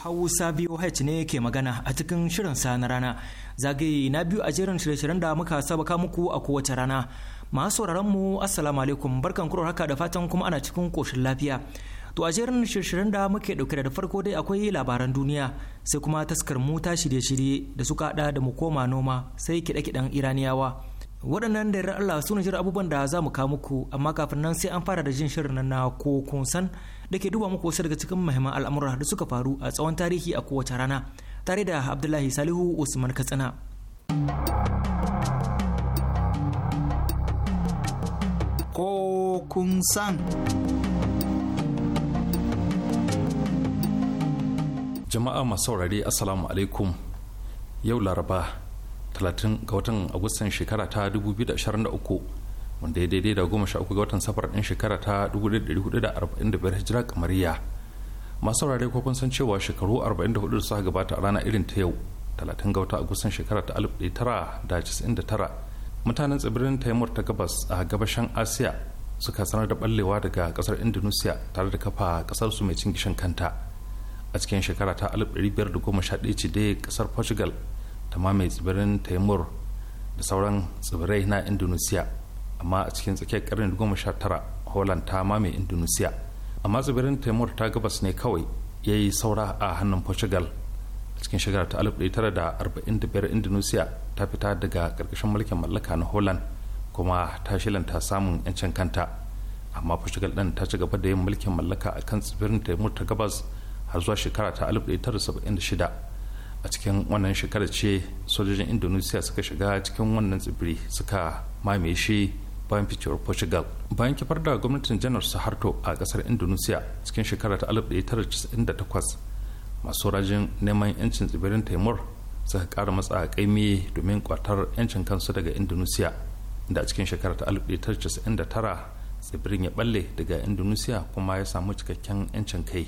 Hausa VOH ne ke magana a cikin shirin sa na rana. Zagaye na biyu a jerin shirye-shiryen da muka sabaka muku a kowace rana. Masu sauraron mu Assalamu alaikum barkan kuro haka da fatan kuma ana cikin koshin lafiya. To a jerin shirye-shiryen da muke dauke da farko dai akwai labaran duniya sai kuma taskar mu ta shirye-shirye da suka hada da mu koma noma sai kiɗe-kiɗen Iraniyawa. Waɗannan da Allah su ne abubuwan da za mu kawo muku amma kafin nan sai an fara da jin shirin na ko kun san da ke duba muku wasu daga cikin muhimman al'amura da suka faru a tsawon tarihi a kowace rana tare da Abdullahi Salihu Usman Katsina. Ko kun san. Jama'a masu saurare Assalamu alaikum yau Laraba 30 ga watan Agustan shekara ta 2023 wanda ya daidai da goma sha uku ga watan safar ɗin shekara ta dubu da da hudu arba'in biyar hijira kamariya masu saurare ko kun san cewa shekaru arba'in da hudu da suka gabata a rana irin ta yau talatin ga wata agustan shekara ta tara da da tara mutanen tsibirin taimur ta gabas a gabashin asiya suka sanar da ballewa daga kasar indonesia tare da kafa kasar su mai cin gishin kanta a cikin shekara ta biyar da goma 1511 ce dai kasar portugal ta mamaye tsibirin taimur da sauran tsibirai na indonesia amma a cikin tsakiyar karni goma sha tara holland ta mame indonesia amma tsibirin taimur ta gabas ne kawai ya yi saura a hannun portugal a cikin shekara ta 1945 indonesia ta fita daga karkashin mulkin mallaka na holland kuma ta shilanta samun 'yancin kanta amma portugal ɗin ta ci gaba da yin mulkin mallaka a kan tsibirin taimur ta gabas har zuwa shekara ta 1976 a cikin wannan shekarar ce sojojin indonesia suka shiga cikin wannan tsibiri suka mame shi bayan ficewar portugal bayan kifar da gwamnatin janar suharto a kasar indonesia cikin shekara ta 1998 masu rajin neman yancin tsibirin taimur suka kara matsa a kaimi domin kwatar yancin kansu daga indonesia da cikin shekara ta 1999 tsibirin ya balle daga indonesia kuma ya samu cikakken yancin kai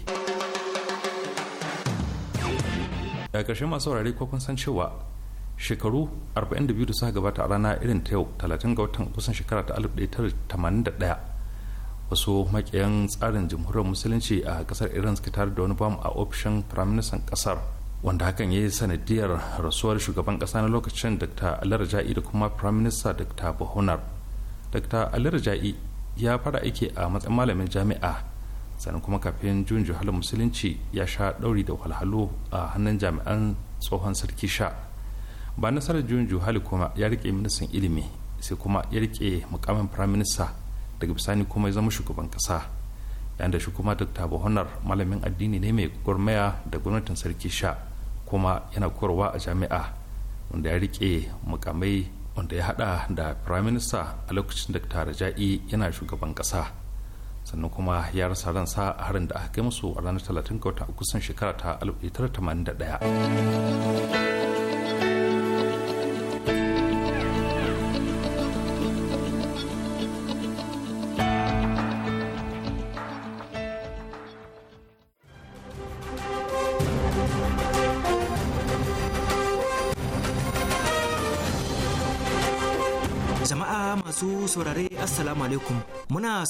daga karshe masu wurare ko kun san cewa shekaru 42 da suka gabata a rana irin ta yau 30 ga watan kusan shekara ta 1981 wasu makiyan tsarin jamhuriyar musulunci a kasar iran suka tare da wani bamu a ofishin firaministan kasar wanda hakan ya yi sanadiyar rasuwar shugaban kasa na lokacin dr alirja'i da kuma firaminista dr bahonar dr alirja'i ya fara aiki a matsayin malamin jami'a sannan kuma kafin juyin juhalar musulunci ya sha dauri da walhalu a hannun jami'an tsohon sarki sha ba nasarar juyin juhali kuma ya rike ministan ilimi sai kuma ya rike mukamin firaminista daga bisani kuma ya zama shugaban kasa da shi kuma dr bahonar malamin addini ne mai gurmaya da gwamnatin sarki sha kuma yana korowa a jami'a wanda ya rike mukamai wanda ya hada da firaminista a lokacin dr raja'i yana shugaban kasa sannan kuma ya rasa ransa a harin da aka kai musu a ranar 30 ga watan kusan shekara ta 1981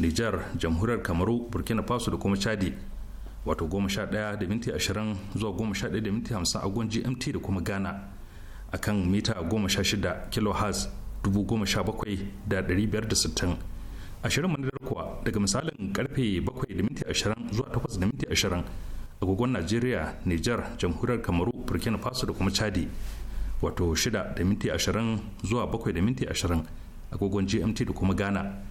Nijar, jamhuriyar Kamaru, Burkina Faso da kuma Chadi. Wato goma sha ɗaya da minti ashirin zuwa goma sha ɗaya da minti hamsin a gwan GMT da kuma Ghana a kan mita goma sha shida kilo kilohertz dubu goma sha bakwai da ɗari biyar da sittin. Ashirin manadar kuwa daga misalin karfe bakwai da minti ashirin zuwa takwas da minti ashirin a gwagwan Najeriya, Nijar, jamhuriyar Kamaru, Burkina Faso da kuma Chadi. Wato shida da minti ashirin zuwa bakwai da minti ashirin a gwagwan GMT da kuma Ghana.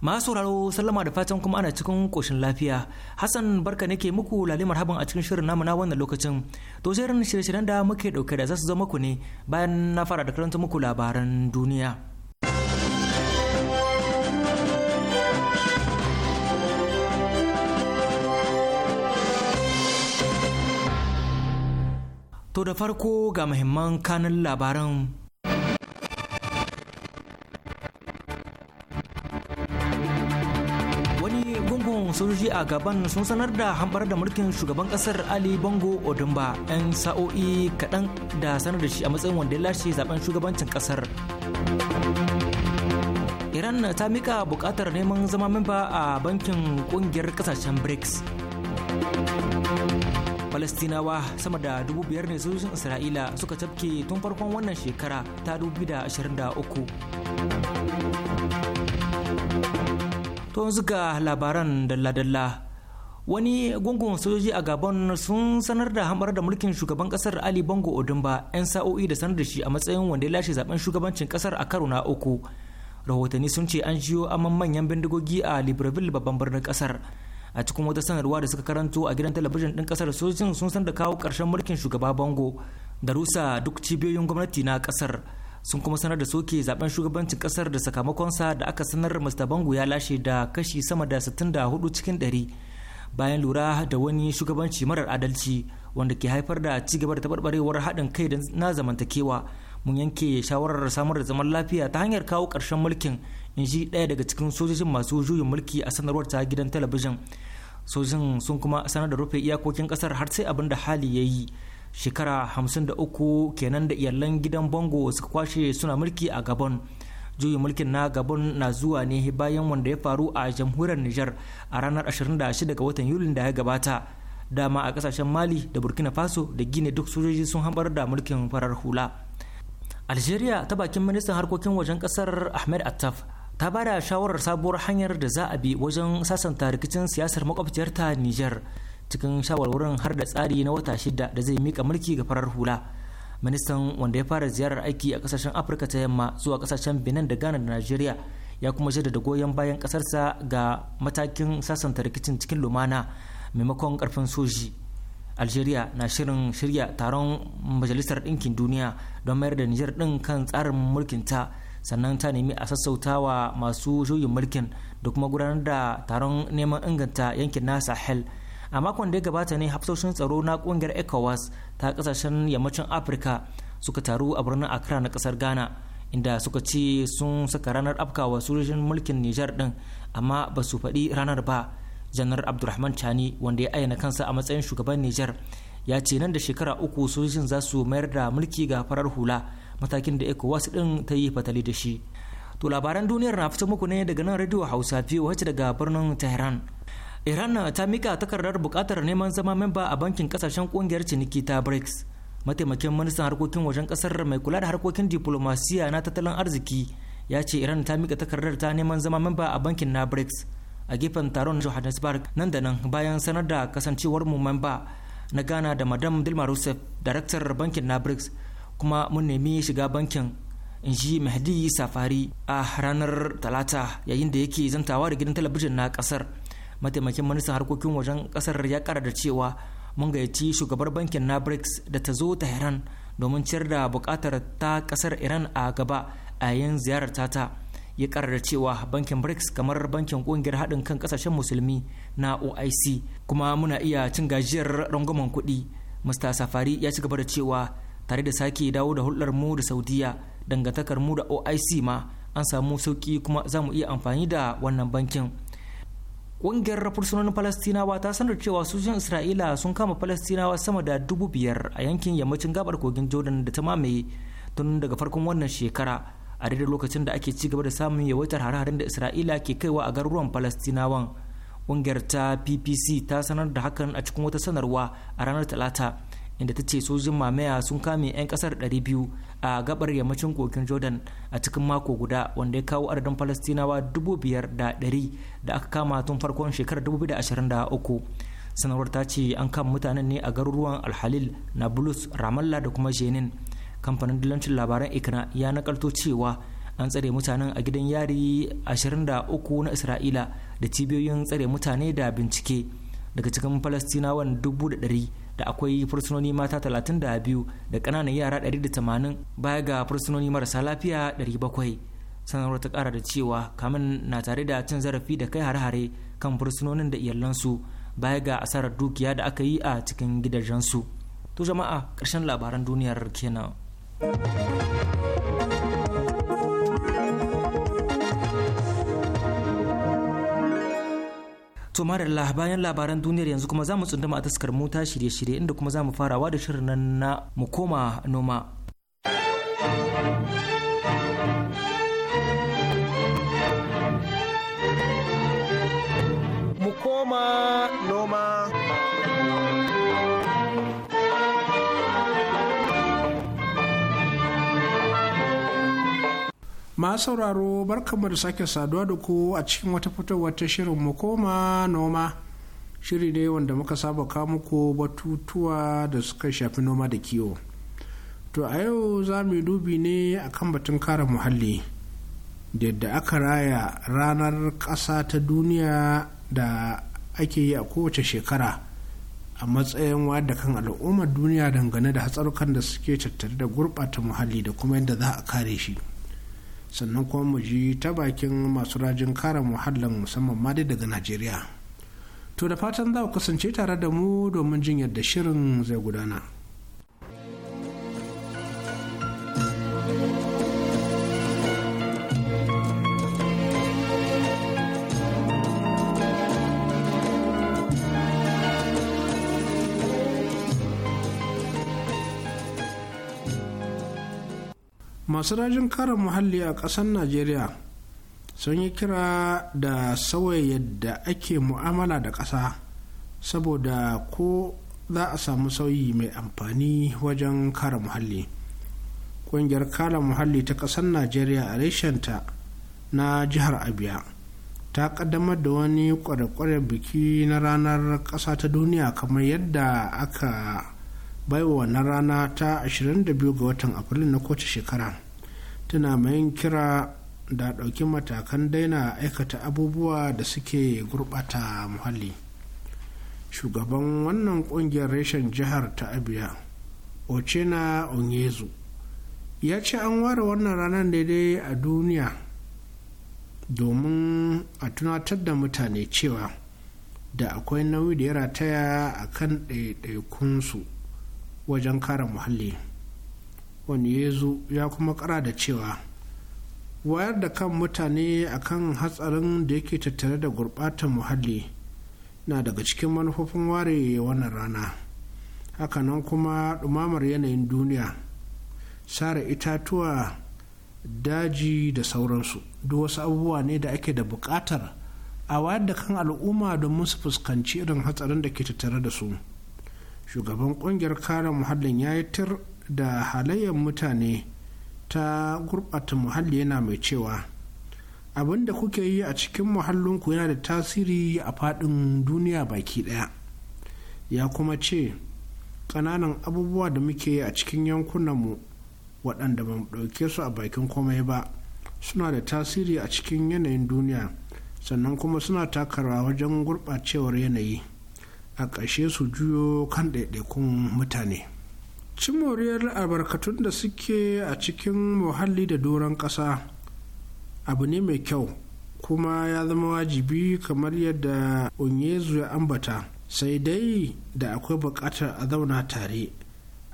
masu sauraro sallama da fatan kuma ana cikin koshin lafiya hassan barka ke muku lalimar habin a cikin shirin namu na wannan lokacin to shirin shirye-shiryen da muke dauke da zasu zama ku ne bayan na fara da karanta muku labaran duniya to da farko ga muhimman kanin labaran sun sojoji a gaban sun sanar da hambar da mulkin shugaban kasar ali bongo odumba 'yan sa'o'i kaɗan da sanar da shi a matsayin wanda ya lashe zaben shugabancin kasar iran ta mika buƙatar neman zama memba a bankin ƙungiyar kasashen brics falastinawa sama da dubu biyar ne sojojin isra'ila suka tafke tun farkon wannan shekara ta uku. to yanzu ga labaran dalla-dalla wani gungun sojoji a gabon sun sanar da hamar da mulkin shugaban kasar ali bongo odumba 'yan sa'o'i da sanar da shi a matsayin wanda ya lashe zaben shugabancin kasar a karo na uku rahotanni sun ce an jiyo aman manyan bindigogi a libreville babban birnin kasar a cikin wata sanarwa da suka karanto a gidan talabijin din kasar sojojin sun san da kawo karshen mulkin shugaba bongo da rusa duk cibiyoyin gwamnati na kasar sun kuma sanar da soke zaben shugabancin kasar da sakamakon sa da aka sanar mr bangu ya lashe da kashi sama da 64 cikin 100 bayan lura da wani shugabanci marar adalci wanda ke haifar da ci gaba da taɓarɓarewar haɗin kai na zamantakewa mun yanke shawarar samar da zaman lafiya ta hanyar kawo karshen mulkin in ji ɗaya daga cikin sojojin masu juyin mulki a sanarwar ta gidan talabijin sojin sun kuma sanar da rufe iyakokin ƙasar har sai abin da hali ya yi shekara 53 kenan da iyalan gidan bongo suka kwashe suna mulki a gabon juyin mulkin na gabon na zuwa ne bayan wanda ya faru a jamhuriyar niger a ranar 26 ga watan yulin da ya gabata dama a kasashen mali da burkina faso da gine duk sojoji sun hambar da mulkin farar hula algeria ta bakin ministan harkokin wajen kasar ahmed attaf ta bada shawarar sabuwar hanyar da za a bi wajen sasanta rikicin siyasar makwabciyarta niger cikin shawarwarin har da tsari na wata shida da zai mika mulki ga farar hula ministan wanda ya fara ziyarar aiki a kasashen afirka ta yamma zuwa kasashen benin da ghana da nigeria ya kuma jaddada goyon bayan kasarsa ga matakin sasanta rikicin cikin lumana maimakon karfin soji algeria na shirin shirya taron majalisar ɗinkin duniya don mayar da nijar ɗin kan tsarin mulkin ta sannan ta nemi a sassautawa masu juyin mulkin da kuma gudanar da taron neman inganta yankin na sahel a makon da ya gabata ne hafsoshin tsaro na kungiyar ecowas ta kasashen yammacin afirka suka taru a birnin accra na kasar ghana inda suka ce sun saka ranar wa sojojin mulkin niger din amma ba su faɗi ranar ba janar abdulrahman chani wanda ya ayyana kansa a matsayin shugaban niger ya ce nan da shekara uku sojojin za su mayar da mulki ga farar hula matakin da ecowas din ta yi fatali da shi to labaran duniyar na fito muku ne daga nan radio hausa biyu wacce daga birnin tehran iran ta mika takardar bukatar neman zama memba a bankin kasashen kungiyar ciniki ta brics mataimakin ministan harkokin wajen kasar mai kula da harkokin diplomasiya na tattalin arziki ya ce iran ta mika takardar ta neman zama memba a bankin na brics a gefen taron johannesburg nan da nan bayan sanar da kasancewar mu memba na ghana da madam dilma rousseff daraktar bankin na brics kuma mun nemi shiga bankin in ji mahdi safari a ranar talata yayin da yake zantawa da gidan talabijin na kasar mataimakin ministan harkokin wajen kasar ya kara da cewa mun gayyaci shugabar bankin na brics da ta zo ta tehran domin ciyar da bukatar ta kasar iran a gaba a yayin ziyarar tata ya kara da cewa bankin brics kamar bankin kungiyar haɗin kan kasashen musulmi na oic kuma muna iya cin gajiyar rangwamen kuɗi mr safari ya ci gaba da cewa tare da sake dawo da hulɗar mu da saudiya dangantakar mu da oic ma an samu sauki kuma za mu iya amfani da wannan bankin ƙungiyar fursunonin falastinawa ta sanar cewa sojojin isra'ila sun kama falastinawa sama da dubu biyar a yankin yammacin gabar kogin jordan da ta mamaye tun daga farkon wannan shekara a daidai lokacin da ake ci gaba da samun yawaitar hare-haren da isra'ila ke kaiwa a garuruwan falastinawan ƙungiyar ta ppc ta sanar da hakan a cikin wata sanarwa a ranar talata inda ta ce sojin mamaya sun kame 'yan kasar 200 a gabar yammacin kogin jordan a cikin mako guda wanda ya kawo adadin falastinawa 5,100 da aka kama tun farkon shekarar 2023 sanarwar ta ce an kama mutanen ne a garuruwan alhalil nablus ramallah da kuma jenin kamfanin dillancin labaran ikna ya nakalto cewa an tsare mutanen a gidan yari 23 na isra'ila da cibiyoyin tsare mutane da bincike daga cikin falastinawan 100 da akwai fursunoni mata 32 da ƙananan yara 180 baya ga fursunoni marasa lafiya 700 sanarwar ta ƙara da cewa kamun na tare da cin zarafi da kai hare-hare kan fursunonin da iyalansu baya ga asarar dukiya da aka yi a cikin gidajensu to jama'a ƙarshen labaran duniyar kenan To Marilla bayan labaran duniyar yanzu kuma za mu tsunduma a taskar mota shirye-shirye inda kuma za mu farawa da shirin nan na mu koma noma. ma sauraro barkamu da sake saduwa da ku a cikin wata fitowar ta shirin mu koma noma shiri ne wanda muka saba kawo muku batutuwa da suka shafi noma da kiwo to a yau za mu yi dubi ne akan batun kare muhalli da yadda aka raya ranar ƙasa ta duniya da ake yi a kowace shekara a matsayin da kan al'ummar duniya dangane da hatsarukan da suke tattare da gurɓata muhalli da kuma yadda za a kare shi. sannan kuma mu ji ta bakin masu rajin kare muhallin musamman ma daga najeriya to da fatan za ku kasance tare da mu domin jin yadda shirin zai gudana. masu rajin kare muhalli a ƙasar najeriya sun yi kira da sauya yadda ake mu'amala da ƙasa saboda ko za a samu sauyi mai amfani wajen kare muhalli ƙungiyar kare muhalli ta ƙasar najeriya a reshenta na jihar abia ta ƙaddamar da wani kware-kware biki na ranar ƙasa ta duniya kamar yadda aka baiwa wannan rana ta 22 ga watan afrilu na kowace shekara tana mayin kira da ɗauki matakan daina aikata abubuwa da suke gurɓata muhalli shugaban wannan ƙungiyar reshen jihar ta abia ochena onyezu ya ce an ware wannan ranar daidai a duniya domin a tunatar da mutane cewa da akwai nauyi da ya rataya a kan ɗaiɗaikunsu wajen kare muhalli wani yezu ya kuma kara da cewa wayar da kan mutane akan hatsarin da yake tattare da gurbatar muhalli na daga cikin manufofin ware wannan rana hakanan kuma dumamar yanayin duniya sare itatuwa daji da sauransu duk wasu abubuwa ne da ake da bukatar a wayar da kan al'umma domin su fuskanci irin hatsarin da ke tattare da su. shugaban kungiyar kare muhallin ya yi tir da halayyar mutane ta gurɓata muhalli yana mai cewa abin da kuke yi a cikin muhallinku yana da tasiri a faɗin duniya baki ɗaya ya kuma ce ƙananan abubuwa da muke yi a cikin yankunanmu waɗanda ba ɗauke su a bakin komai ba suna da tasiri a cikin yanayin duniya sannan kuma suna takarawa wajen gurɓacewar yanayi. a ƙashe su juyo kan ɗaiɗaikun mutane cin moriyar albarkatun da suke a cikin muhalli da doron ƙasa abu ne mai kyau kuma ya zama wajibi kamar yadda onyezu ya ambata sai dai da akwai buƙatar a zauna tare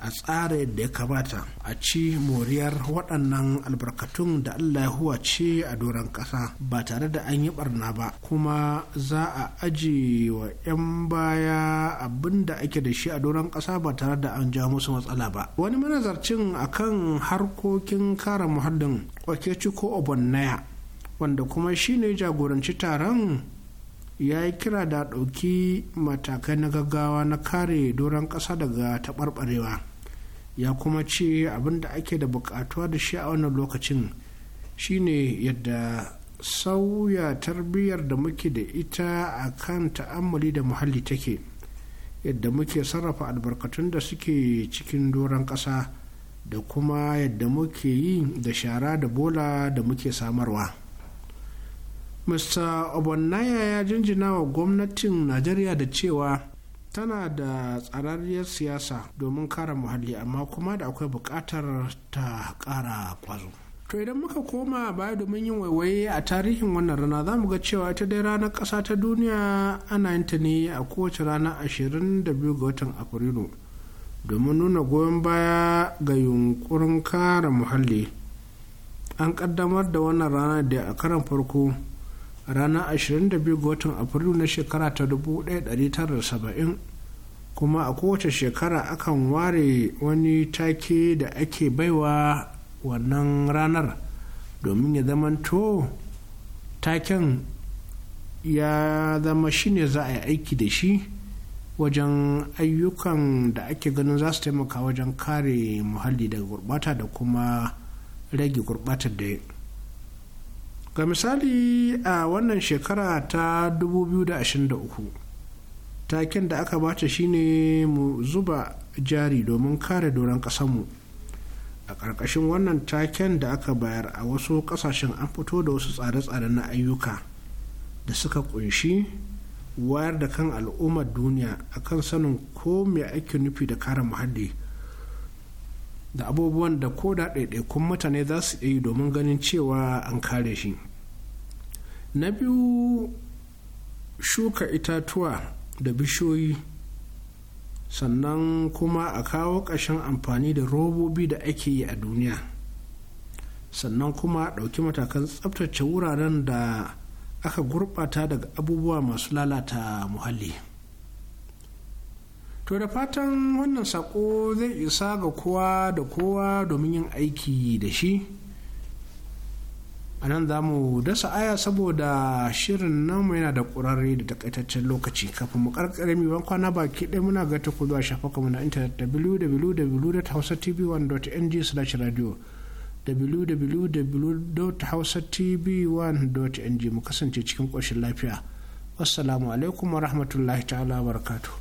a tsara yadda ya kamata a ci moriyar waɗannan albarkatun da Allah ya ce a doron ƙasa ba tare da an yi barna ba kuma za a aji wa 'yan baya abin da ake da shi a doron ƙasa ba tare da an ja musu matsala ba wani manazarcin kan harkokin kare muhallin ko obonnaya wanda kuma shine jagoranci taron ya yi kira da ɗauki matakai na gaggawa na kare doron ƙasa daga taɓarɓarewa. ya kuma ce abin da ake da bukatuwa da shi a wannan lokacin shine yadda sauya tarbiyyar da muke da ita a kan ta'ammali da muhalli take yadda muke sarrafa albarkatun da suke cikin doron ƙasa da kuma yadda muke yi da shara da bola da muke samarwa mr obannaya ya jinjina wa gwamnatin najeriya da cewa tana da tsararriyar siyasa domin kara muhalli amma kuma da akwai buƙatar ta ƙara ƙwazo to idan muka koma baya domin yin waiwaye a tarihin wannan rana za mu ga cewa ita dai ranar ƙasa ta duniya ana yin ta ne a kowace rana 22 ga watan afrilu domin nuna goyon baya ga yunkurin kare muhalli an ƙaddamar da wannan rana da a karan farko a ranar 22 ga watan afrilu na shekara ta 1970 kuma a kowace shekara akan ware wani take da ake baiwa wannan ranar domin ya zamanto taken ya zama shine za a yi aiki da shi wajen ayyukan da ake ganin za su taimaka wajen kare muhalli daga gurbata da kuma rage gurbatar da ga misali a wannan shekara ta 2023 taken da aka bata shine mu zuba jari domin kare doron kasanmu a ƙarƙashin wannan taken da aka bayar a wasu ƙasashen an fito da wasu tsare-tsare na ayyuka da suka ƙunshi wayar da kan al'ummar duniya akan sanin ko mai ake nufi da kare muhalli da abubuwan da ko da ɗaiɗaikun mutane za su yi domin ganin cewa an kare shi na biyu shuka itatuwa da bishiyoyi sannan kuma a kawo ƙashin amfani da robobi da ake yi a duniya sannan kuma a ɗauki matakan tsabtace wuraren da aka gurɓata daga abubuwa masu lalata muhalli. To da fatan wannan sako zai isa ga kowa da kowa domin yin aiki da shi. A nan za mu dasa aya saboda shirin nan mu yana da ƙurare da takaitaccen lokaci kafin mu karkare mai kwana baki ɗaya muna ga ku zuwa shafakanmu na intanet www.hausatv1.ng/radio www.hausatv1.ng mu kasance cikin ƙoshin lafiya. Wassalamu alaikum wa rahmatullahi ta'ala wa barakatuh.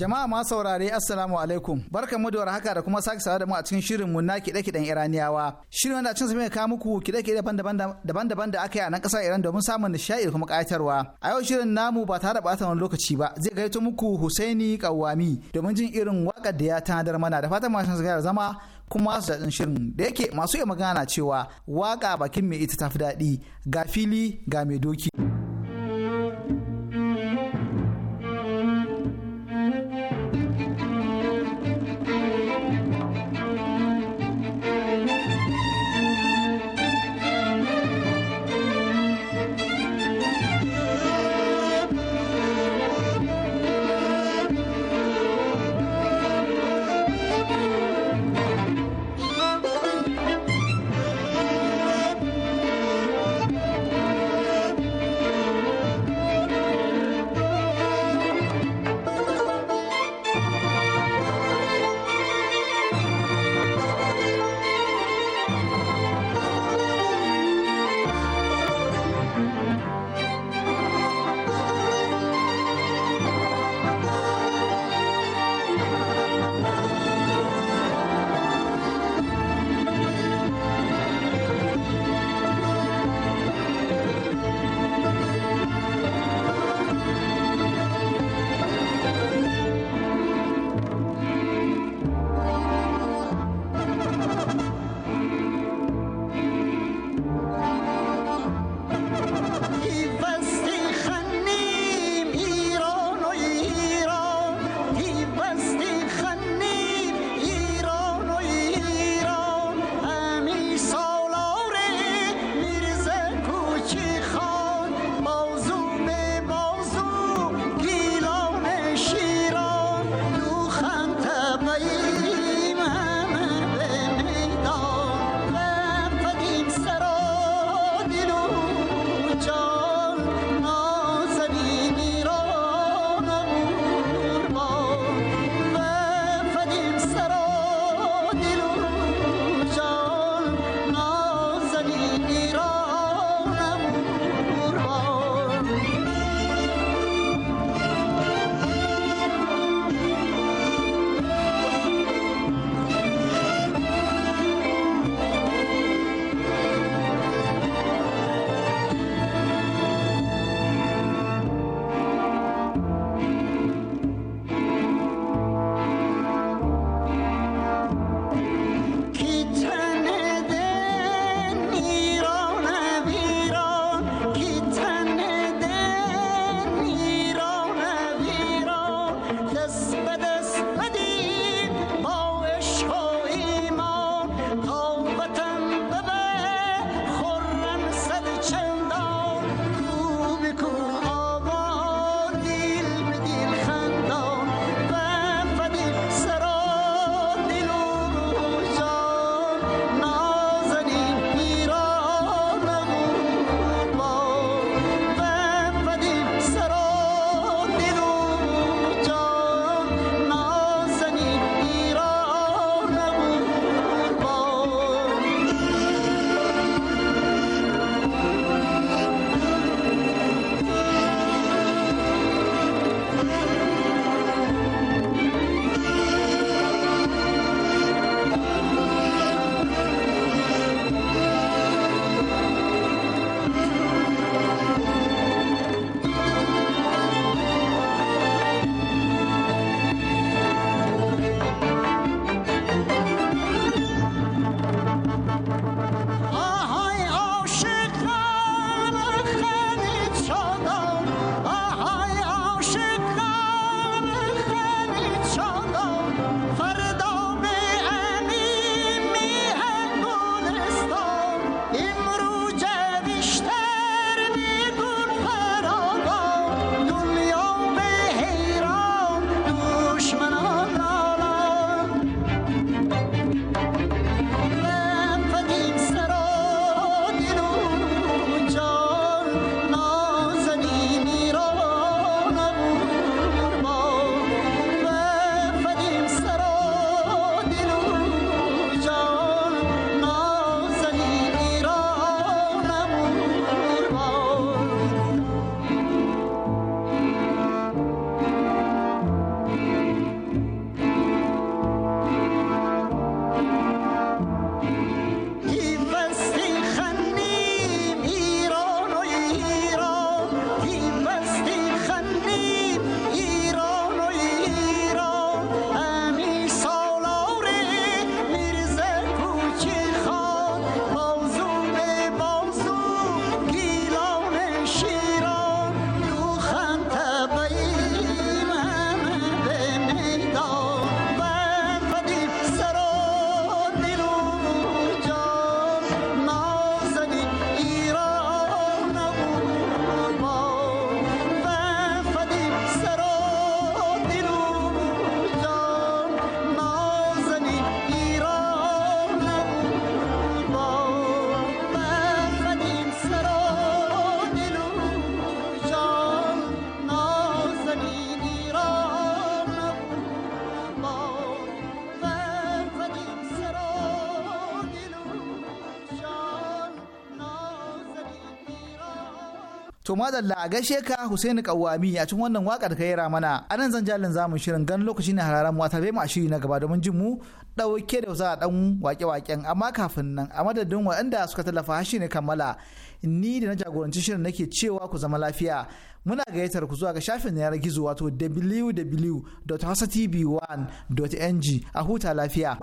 Jama'a ma saurare Assalamu alaikum. Barkanmu da haka da kuma sake sawa da mu a cikin shirin mu na kiɗe-kiɗen Iraniyawa. Shirin wanda cin mai kawo muku kiɗe-kiɗe daban-daban da aka yi a nan ƙasar Iran domin samun nishaɗi da kuma ƙayatarwa. A yau shirin namu ba tare da ɓata wani lokaci ba zai gaito muku Husaini Kawami domin jin irin waƙar da ya tanadar mana da fatan masu da zama kuma su daɗin shirin da yake masu iya magana cewa waƙa bakin mai ita tafi daɗi ga fili ga mai doki. To madalla a gaishe ka Husaini Kawami a cikin wannan waka da ka yi mana. A nan zan jalin zamu shirin gan lokaci na hararan mu a tarbe mu a shiri na gaba domin jin mu dauke da wasa dan wake-waken amma kafin nan a madadin waɗanda suka tallafa hashi ne kammala. Ni da na jagoranci shirin nake cewa ku zama lafiya. Muna gayyatar ku zuwa ga shafin yanar gizo wato wwwhasatv 1ng a huta lafiya.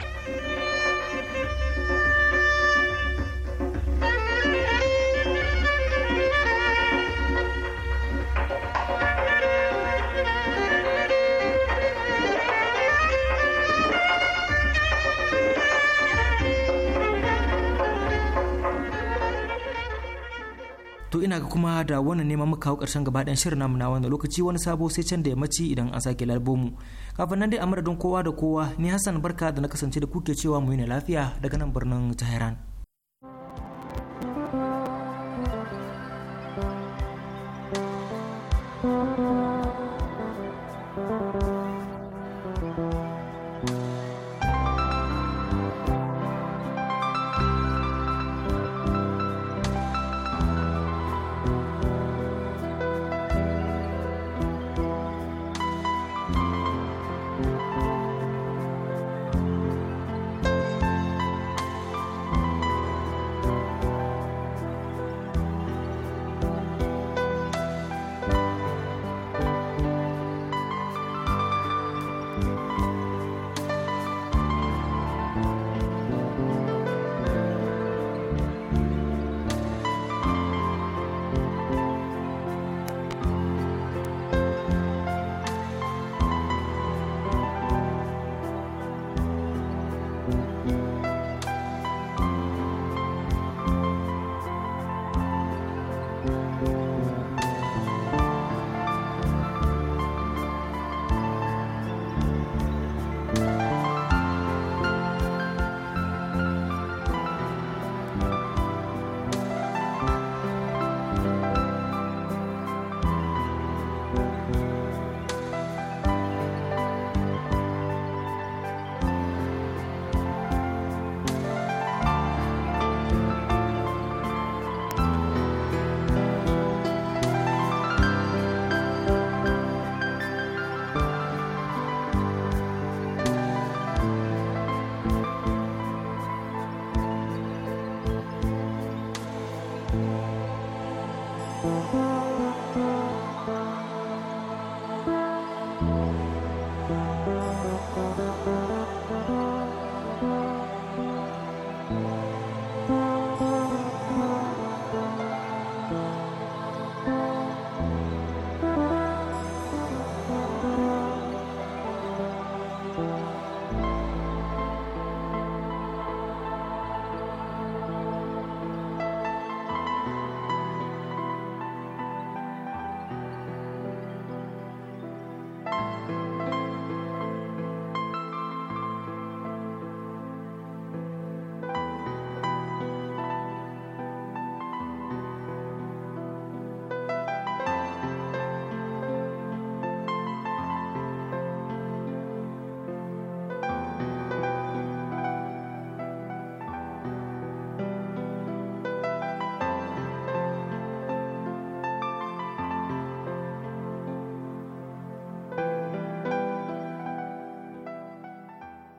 to ina ga kuma da wannan neman muka hau karshen gaba ɗayan shirin namu na wannan lokaci wani sabo sai can da yammaci idan an sake mu kafin nan dai a madadin kowa da kowa ni hassan barka da na kasance da kuke cewa mu yi lafiya daga nan birnin tehran